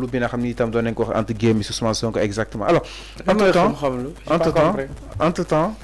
bien lu bi nga xam ni itam doon ko exactement alors. temps temps entre temps.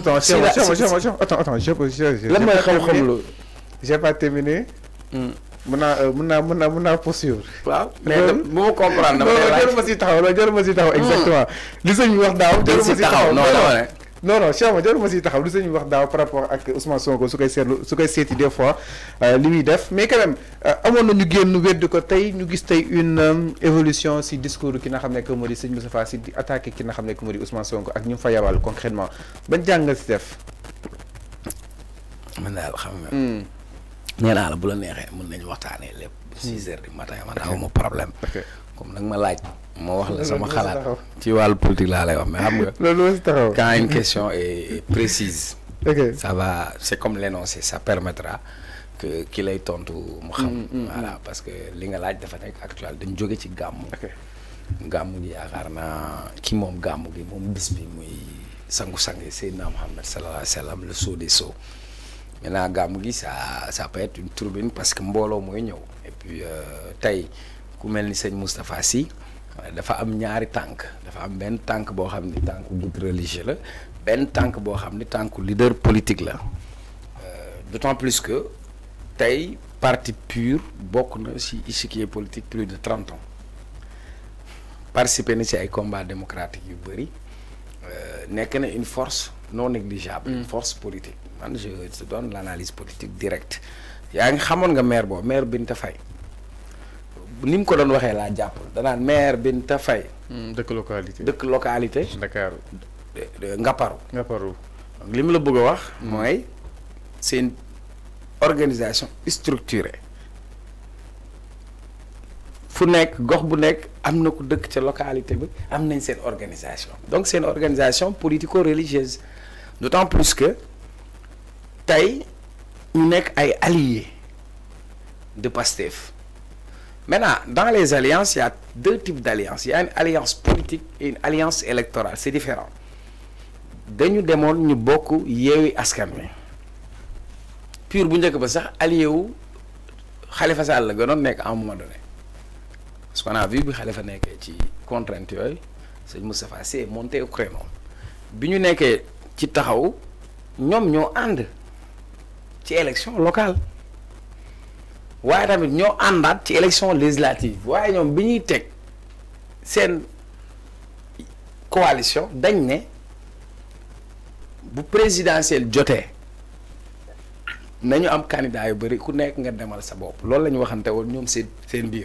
temps attends attends je j'ai pas terminé non non Cheikh ma sais ma taxaw lu sëñ wax par rapport ak Ousmane Sonko su koy seetlu su koy fois euh, li muy mais quand même euh, nous ñu une wedd ko tay ñu gis une euh, évolution si discours ki nga xamné que Moustapha attaqué ki que Ousmane Sonko ak ñu fa concrètement si def. man hmm. la bu la mën problème comme nak ma laaj. mo wax la sama xalaat ci wal politique la lay wax mais xam nga. loolu taxaw quand une question est précise. ok ça va c'est comme l'énoncé ça permettra. que ki lay tontu mu xam. Mm, mm, voilà mm. parce que li nga laaj dafa nekk actuel dañ jóge ci gamu OK gamu gi yaakaar naa ki mom gamu gi mom bis bi muy sangu-sang Seydina Mohamed sallalahu alayhi wa sallam le sceau des sceaux maintenant gamu gi ça ça peut être une turbine parce que mbolo moy ñew et puis euh, tay ku mel ni sëñ Moustapha Sy dafa am ñaari tank dafa am ben Tank, bo xamni tank religieux la Tank, tank bo xamni tank leader politique la euh, d'autant plus que tay parti pur bokk na ci échiquier politique plus de 30 ans participer à ci ay combats démocratiques yu euh, na une force non négligeable. une mm. force politique je te donne l'analyse politique directe yaa ngi xamoon nga maire boobu maire Binta Faye ni mu ko doon maire hmm, localité de localité. la c'est une organisation structurée fu nekk localité organisation donc organisation politico-religieuse d'autant plus que tey ñu ay alliés de Pastef. Maintenant, dans les alliances, il y a deux types d'alliances. Il y a une alliance politique et une alliance électorale. C'est différent. dañu demoon ñu bokk beaucoup Pour wi pur bu Puis, ba sax allié wu Khalifa Sall gënoon à un moment donné parce qu'on a vu que Khalifa est ci contrainte C'est sëñ Moustapha monté au créneau sommes ñu nekkee ci taxaw sommes ñoo ànd ci élection locale nous tamit ñoo élection législative c'est ñoom coalition dañ né bu présidentielle jotee nañu candidat yu bari ku nekk nga sa la waxanté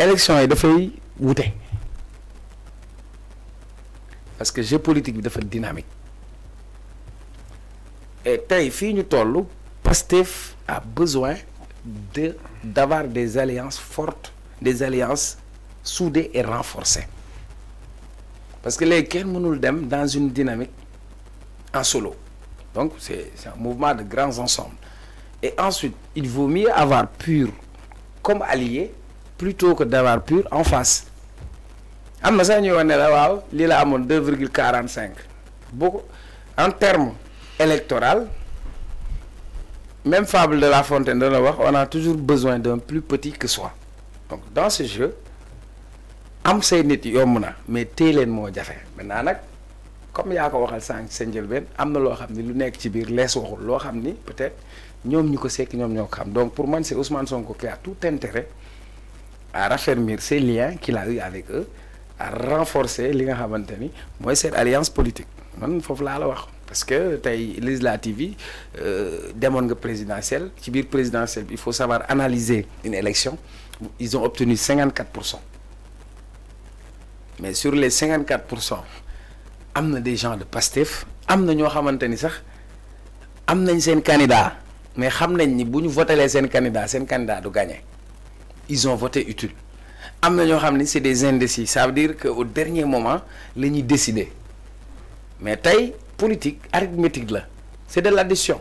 élection yi de wute parce que géopolitique de faire dynamique et tay Pastef a besoin de d'avoir des alliances fortes des alliances soudées et renforcées parce que lesquels nous mënul dem dans une dynamique en solo donc c'est c'est un mouvement de grands ensembles et ensuite il vaut mieux avoir PUR comme allié plutôt que d'avoir pur en face Amna na sax ñuy wax la waaw lii la amoon deux en terme électoral même fable de La Fontaine la wax on a toujours besoin d'un plus petit que soi donc dans ce jeu am say nit yomna mais téye leen moo maintenant nak comme yaa ko waxal sànq sa Ben amna lo xamni lu nekk ci biir les waxul lo xamni peut-être ñom ñuko sék ñom ñoko xam donc pour man c'est Ousmane Sonko qui a tout intérêt à raffermir ces liens qu'il a eu avec eux à renforcer li nga xamante cette alliance politique man faut la wax parce que tu législative euh, yi demoon nga présidentielle il faut savoir analyser une élection ils ont obtenu 54 mais sur les 54 il y a des gens de Pastef am na ñoo xamante ni sax am nañ candidat mais xam nañ ni bu ñu votelee seen candidat seen candidat du gagné ils ont voté utile am c'est des indécis ça veut dire que au dernier moment les ñuy décider mais taille politique arithmétique la c'est de l'addition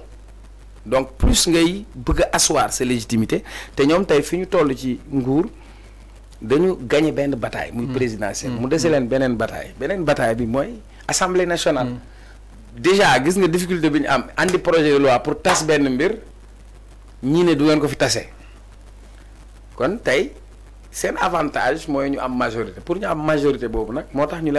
donc plus ngay bëgg asseoir ses légitimité te ñoom tey fi ñu ci nguur dañu gagner benn bataille muy mm. présidentielle mm. mu dese mm. leen une bataille Une bataille bi assemblée nationale déjà gis nga difficulté bi ñu am andi projet de loi pour tas benn mbir ñii ne du ko tay c'est un avantage moi majorité pour une majorité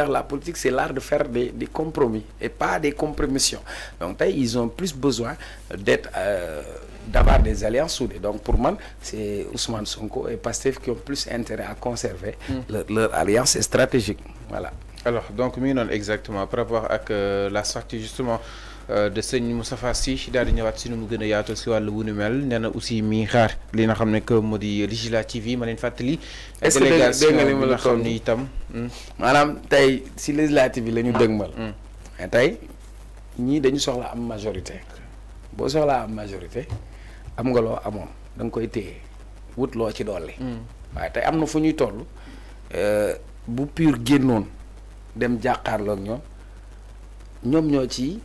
la politique c'est l'art de faire des compromis et pas des compromissions donc ils ont plus besoin d'être euh, d'avoir des alliances soudées donc pour moi c'est Ousmane Sonko et Pastef qui ont plus intérêt à conserver hmm. leur, alliance stratégique voilà alors donc exactement par avoir à euh, la sortie justement Euh, de sëñ Moustapha Sy daal di ñëwaat si nu mu gën a yaatu si wàllu wu nu mel nee na aussi mi xaar li nga xam ne que moo di législative yi ma leen fàttali. est-ce que dégg nga li ma la xam ni itam. Hmm? maanaam tey si législative yi la ñu ah, dëgmal. Hmm. tey ñii dañu soxla am majorité boo soxlaa am majorité am nga loo amoon danga koy téye wut loo ci dolli. Hmm. waaye tey am na fu ñuy toll euh, bu pur génnoon dem jàkkaarloo ak ñoom ñoom ñoo ci.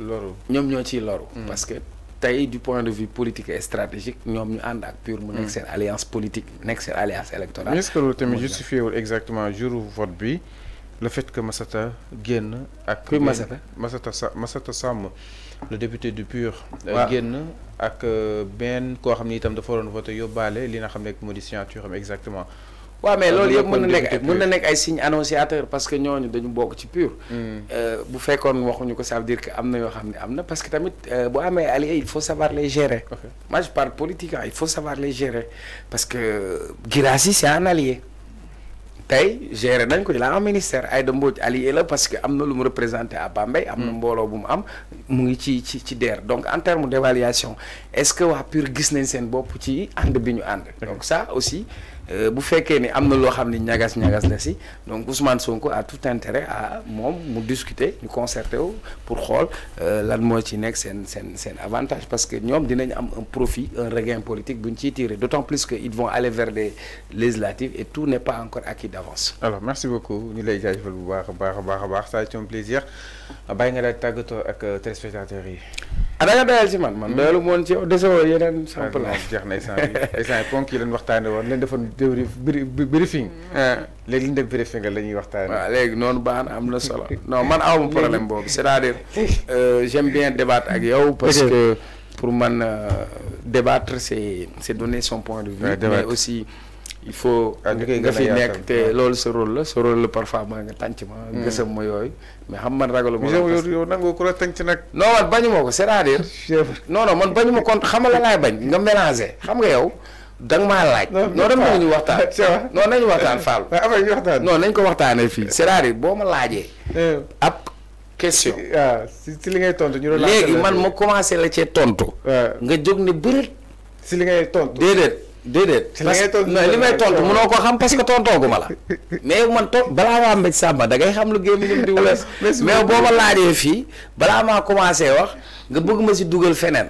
Nous avons ñoo mm. parce que du point de vue politique et stratégique nous avons un ak mm. alliance politique une alliance électorale est-ce que justifié exactement jour le fait que Massata guen a Massata Massata le député du PUR euh, euh, exactement wa mais loolu yëpp mën na nekk mën na nekk ay signe annonciateur parce que ñooñu dañu bokk ci pur mm. euh, bu fekkoon waxuñu ko ça veut dire que am na yoo xam ne am na parce que tamit euh, bu amee allié il faut savoir les gérer moi je parle politique hein, il faut savoir les gérer parce que euh, Guirassy c'est un allié tey gérer nañ ko il a un ministère Aïda Mbodj allié la parce que am na lu mu représenté à Bambey am na mm. mbooloo bu mu am mu ngi ci ci ci DER donc en terme d'évaluation est-ce que waa pur gis nañ seen bopp ci ànd bi ñu ànd donc ça aussi euh, bu fekkee ni am na loo xam ni ñagas ñagas la si donc Ousmane Sonko a tout intérêt à moom mu discuter ñu concerté wu pour xool euh, lan moo ci nekk seen seen seen avantage parce que ñoom dinañ am un profit un regain politique buñ ciy tiré d' autant plus que ils vont aller vers des législatives et tout n' est pas encore acquis d' avance. alors merci beaucoup ñu lay jaajëfal bu baax a baax a baax a baax ça a été un plaisir bàyyi nga daal tàggatoo ak euh, téléspectateurs yi ah da nga ci man man doyalu hmm. moon ci yow dese woo yeneen sama ah, plan jeex na instant yi ponk yi leen waxtaane woon leen defoon briefing hmm. ah, léegi li ñu def briefing la ñuy waxtaane waaw léegi noonu baax na am na solo non man awma problème boobu c'est-à-dire euh, j'aime bien débattre ak yow parce que pour man euh, débattre c'est c'est donner son point de vue mais aussi il faut nga fi nekk te loolu sa rôle la sa rôle la parfois maa nga tànc ma mm. gësam ma yooyu mais xam man ragalu ma yow nangu ku la man bañu ma ko c'est-à-dire non non man bañu ma kon la laay bañ nga mélangé xam nga yow da nga maa laaj non dem nañu waxtaan non nañu waxtaan Fall ah, non nañ ko waxtaanee fii cest à boo ma laajee euh. ab question ah, si li ngay tontu ñu doon léegi man ma commencé la cee tontu nga jóg ne bërët si li ngay tontu déedéet déedéet mais li may tontu mënoo ko xam parce que tontooguma la mais man tont balaa maa mbéj sàmba da ngay xam lu gémmiñam di wala mais boo ma laajee fii balaa maa commencé wax nga bëgg ma si dugal feneen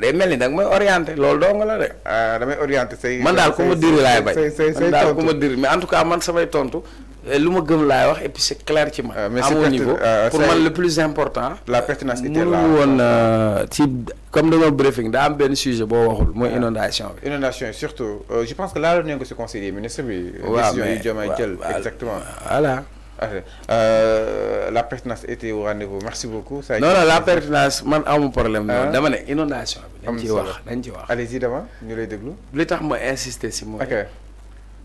day mel ni da nga may orienté loolu doo nga la de. Ah, damay orienté say. man daal ku ma diri laay bañ. say say man daal ku ma diri mais en tout cas man samay tontu. Euh, luma gëm lay wax et puis c'est clair ci man. à euh, niveau euh, pour moi le plus important. la pertinence était là Comme dans ci comme le briefing da am ben sujet bo waxul moy inondation inondation surtout je pense que laaloon nañu ko se conseiller ministre bi. waaw mais exactement. voilà. Ah, la pertinence était au rendez-vous merci beaucoup. non non la pertinence man amu problème. non ah. dama né inondation bi. dañ wax allez-y dama ñu lay déglu. li tax ma insister si moi.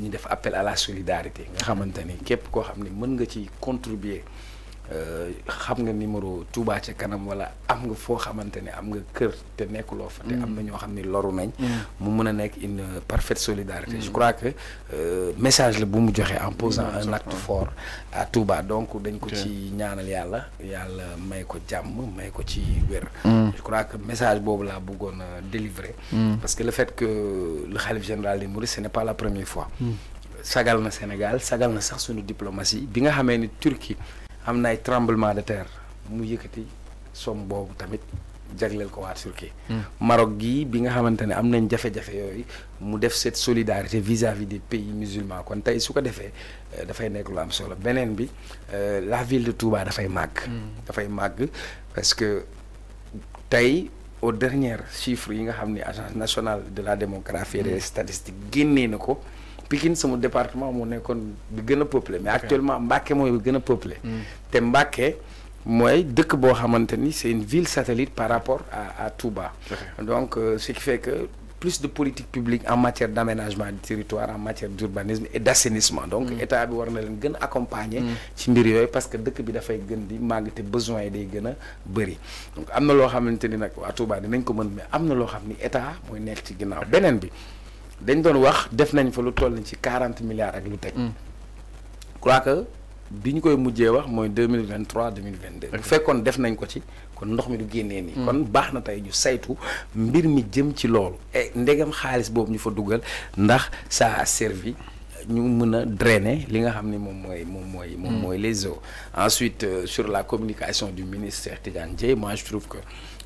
nous def appel à la solidarité Nous avons contribuer euh, xam nga numéro Touba ci kanam wala am nga fo xamantene am nga kër te nekkuloo fa. te am na ño xamni ne loru nañ. Mm. mu mën nek une parfaite solidarité. Mm. je crois que euh, message la bu mu joxe en posant mm, un acte fort à Touba donc dañ ko ci ñaanal yalla yalla may ko jamm may ko ci wér. je crois que message bobu la bëggoon euh, délivrer. parce que le fait que le khalife général des Mourides ce n'est pas la première fois. sagal na Sénégal sagal na sax suñu diplomatie bi nga xamé ni Turquie. am na ay tremblement de terre mu yëkkati somme boobu tamit jagleel ko waa Turquie. Hmm. Maroc gii bi nga xamante ne am nañ jafe-jafe yooyu mu def cette solidarité vis-à-vis des pays musulmans kon tey su ko defee euh, dafay nekk lu am solo beneen bi euh, la ville de Touba dafay màgg. Hmm. dafay màgg parce que tey aux derniers chiffres yi nga xam ni agence nationale de la démographie et des hmm. génnee na ko. c'est mon département mon nekkoon bi gën a peuplé mais actuellement Mbacké est bi peuplé hmm. te Mbacké moi, dëkk c'est une ville satellite par rapport à à Touba donc euh, ce qui fait que plus de politique publique en matière d'aménagement du territoire en matière d'urbanisme et d'assainissement donc hmm. état bi war na accompagner hmm. ci parce que dëkk bi dafay gën di màgg te besoin yi donc am na loo xamante ni nag waa Touba dinañ ko mais am na état dañ wax def nañ fa lu toll milliards ak lu mm. crois que biñ koy mujjee wax mooy 2023 2022 def nañ ko ci kon ndox mi du génnee nii. Mm. kon baax na e, ndegam ñu fa ça a servi. ñu mën drainer li nga xam mm. les eaux ensuite euh, sur la communication du ministère Tidiane moi je trouve que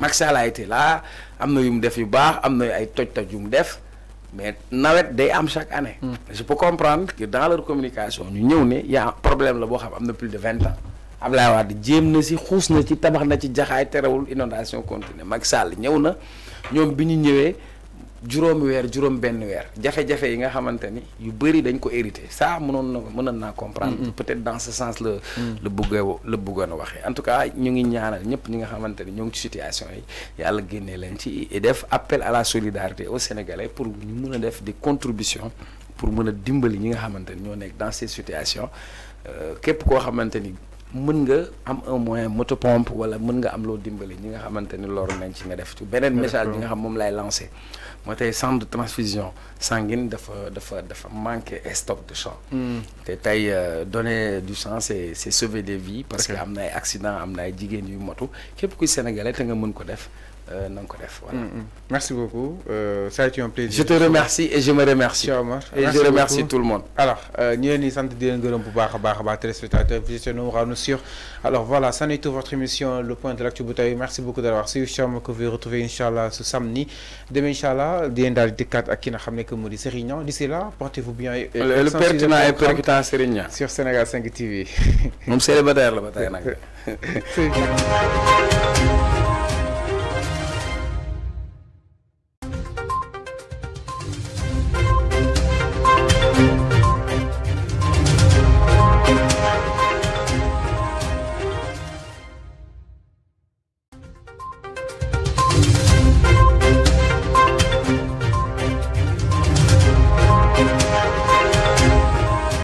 Macky Sall a été là am na yu mu def yu baax am na ay toj-toj yu mu def mais nawet day am chaque année. Hmm. je peux comprendre que dans leur communication ñu ñëw ne y problème la boo xam am na plus de vingt ans Abdoulaye di jéem na si xuus na ci tabax na ci jaxaay terewul inondation continue Macky Sall ñëw na ñoom bi ñu ñëwee. juróom weer juróom benn weer jafe-jafe yi nga xamante ni yu bëri dañ ko hérité saa mënoon na mënoon naa comprendre peut-être dans ce sens la la la buggoon a waxee en tout cas ñu ngi ñaanal ñëpp ñi nga xamante ni ñoo ngi ci situation yi yàlla génnee leen ci et def appel à la solidarité au Sénégalais pour ñu mën a def des contributions pour mën a dimbali ñi nga xamante ni ñoo nekk dans se situation euh, képp koo xamante ni mën nga am un moyen moto pompe wala mën nga am loo dimbali ñi nga xamante ni loolu nañ ci nga def ci beneen message bi nga xam moom lay lancé moo tey centre de transfusion sanguine dafa dafa dafa manqué stock de sang hmm. te tey euh, donner du sang c'est c'est sauver des vies parce que am na ay accident am na ay jigéen yu motu képp kuy sénégalais te nga mën ko def na ko def merci beaucoup euh, ça a été un plaisir. je te remercie et je me remercie. et merci je remercie beaucoup. tout le monde. alors euh, ñu leen di sant di leen gërëm bu baax a téléspectateurs visiteurs nous rendons sur alors voilà ça n'est tout votre émission le point de l'actu merci beaucoup d'avoir suivi Cheikh que vous retrouvez Inch'Allah, ce samedi demain Inch'Allah, allah di A daal di dikkaat ak ki nga xam que moo Serigne d'ici là portez-vous bien. et le pertinent et percutant Serigne Niang sur Sénégal 5 TV. Nous sommes la ba tey nag.